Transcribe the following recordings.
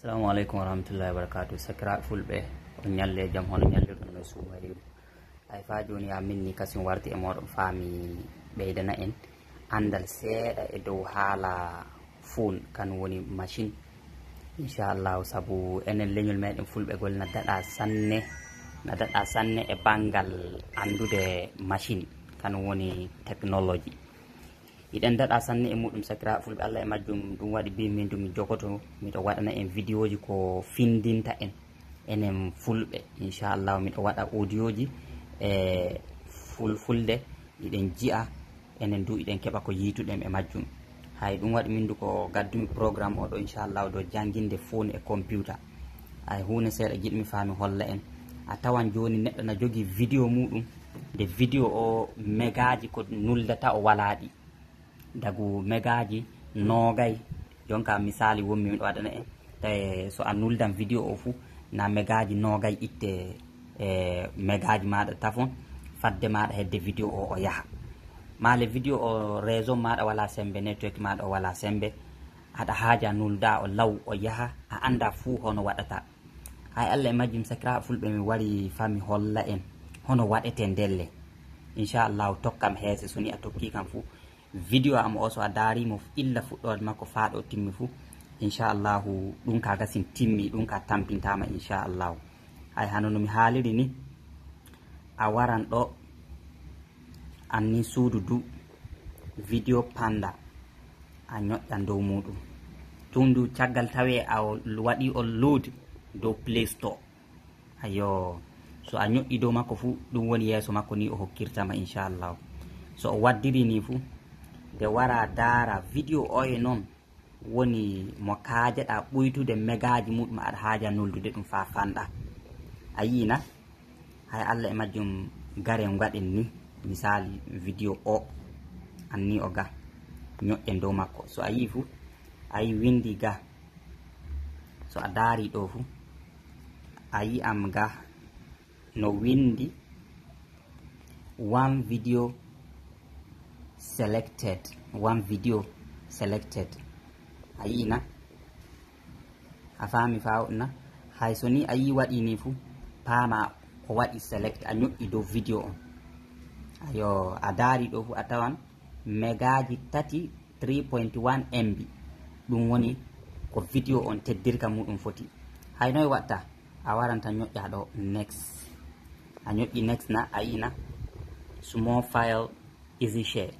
assalamu aleykum wa rahmatullahi wa barakatu sakiraɓe fulɓe on ñalle jaam hono ñallirɗum no suuma rewdi ay fa joni ya minni kasum warti e moɗon faami ɓeydana en andal seeɗa e dow haala fuun kan woni machine inchallahu saabu enen leñol meɗen fulɓegol na daɗa sanne na daɗa sanne e banggal andude machine kan woni technologie iɗen daɗa sanne e muɗum sakira fulɓe allah e majjum ɗum waɗi bimin du mi jogoto miɗo waɗana en vidéo ji ko findinta en enen fulɓe inchallah miɗo waɗa audio ji e fulfulde iɗen jiya enen du iɗen keɓa ko yiituɗen e majjum hay ɗum waɗi min du ko gaddumi programme oɗo inchallah do jangguinde fone e computa ay hunde seeɗa jiɗmi faami holla en a tawan joni neɗɗo na jogui vidéo muɗum nde vidéo o megaji ko nuldata o walaɗi dagu mégaji hmm. nogay jonka misali wonmi miɗo waɗana en tawi so a nuldan vidéo o fou na mégaji nogay itte e mégaji maɗa tafon fadde maɗa hedde vidéo o o yaaha male vidéo o réseau maɗa wala sembe network maɗa o wala sembe aɗa haaja nulda o law o yaaha a anda fou hono waɗata hay allah e majjum sakiraɓe fulɓe mi wari fami holla en hono waɗete ndelle inchallahu tokkam heese soni a tokki kam fou vidéo am o so a darimo illa fuɗɗode makko fa ɗo timmi fou inchallahu ɗum ka gasin timmi ɗum ka tampintama inchallahu hay hano nomi haaliri ni a waran ɗo anni suudu du vidéo panda a ñoƴƴan dow muɗum tum du caggal tawe a waɗi o luude dow play store ayo so a ñoƴƴi dow makko fou ɗum woni yeeso makko ni o hokkirtama inchallahu so o waddiri ni fou de wara daara vidéo oye noon woni mo kaajeɗa ɓoytude megaji muɗum aɗa haaja noldude ɗum fa fanɗa a yiina hay allah e majjum gare gaɗen ni misali vidéo o anni o ga ñoƴƴe dow makko so a yii fu a yi windi ga so a daari ɗo fu a yi am ga no windi one vidéo selected one video selected ayina a fami fa na hay so ni ayi yi ni fu pama ko waɗi select a ño'i dow video on ayo a do ɗo fu a tawan megaji tati 3.1 mb ɗum woni ko video on teddirka muɗum foti hay noy watta a waranta ñoƴƴa ɗo next a ñoƴƴi next na a yina small file easy share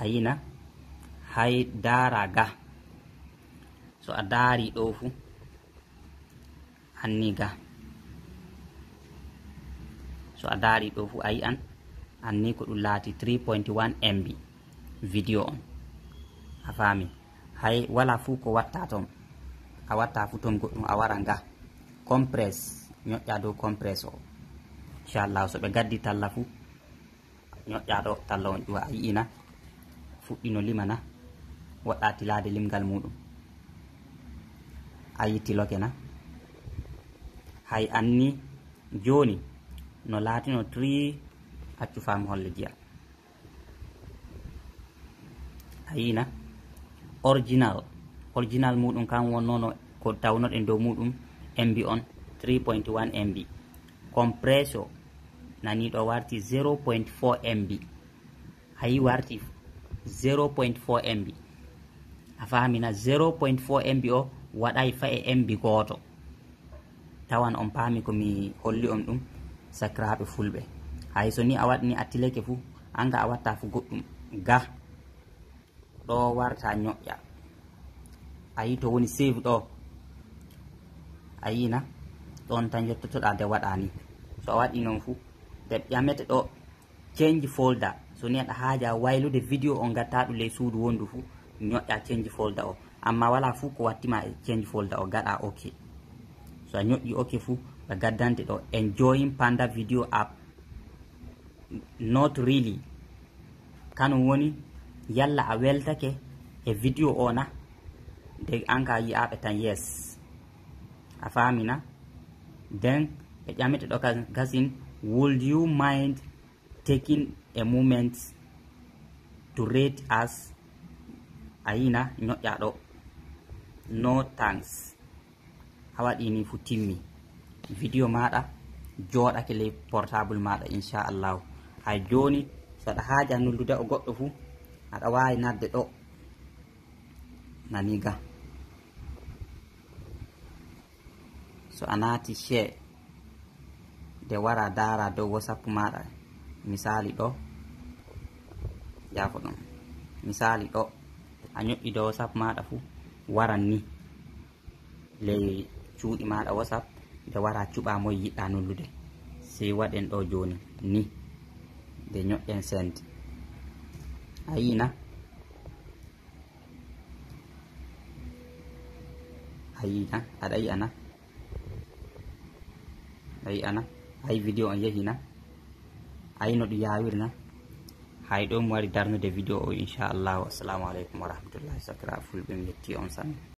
ayina hay dara ga so a dari ɗo fu anni ga so a dari ɗo fu a yi'an anni ko ɗum laati 3.1 mb video on a fami hay wala fu ko watta ton a watta fu ton goɗɗum a wara ga compress ñoƴƴa dow compress o inchallahu so ɓe gaddi talla fu ñoƴƴa ɗo talla on ƴuwa a yi'ina fuɗɗino limana woɗɗa tilade limgal muɗum a yittiloke na hay anni joni no laatino tri accufama holle jiya ayina original original muɗum kan wonnono ko tawnoɗen dow muɗum mb on 3.1 mb compresso nani ɗo warti 0.4 mb hayi warti 0.4 mb a famina 0.4 mb o waɗay fa e mbi goto tawan on paami komi holli on ɗum sakiraɓe fulɓe hayso ni a waɗni attileke fuu anga a watta fu goɗɗum ga ɗo warta ñoƴƴa ayi to woni save ɗo ayina ɗon tan yettotoɗa nde waɗani so a waɗi noon fuu nde ƴamete ɗo change folder so neɗa haaja waylude vidéo o gatta ɗo ley suudu wondu fuu ñoƴƴa change folda o amma wala fuu ko wattima e change folda o gaɗa ok so a ñoƴƴi ok fuu ɓe gaddante ɗo enjoying panda video app not really kanum woni yalla a weltake e vidéo o na de enka yi'aɓe tan yes a famina den ɓe ƴameteɗo gasin wold you mind taking a moment to rate us a yina ñoƴƴaɗo no tanks a waɗini fu timmi vidéo maɗa joɗake ley portable maɗa inchallah ha joni saɗa haaja nullude o goɗɗo fu aɗa wawi nadde ɗo naniga so a naati che de wara dara dow wo sappo maɗa misali ɗo yafo ɗum misali ɗo a ñoƴƴi dow wasap maɗa fu waran ni ley cuuɗi maɗa wasap nde wara cuɓa moy yiɗɗa nullude sey waɗen ɗo joni ni nde ñoƴƴen send a yina a yina aɗa yi'ana a yi'ana ay video on yehina ayino ɗum yawirna hay ɗo mi wari darnude vidéo o inchallahu assalamu aleykum warahmatullahi sakra fulɓe mi yetti on san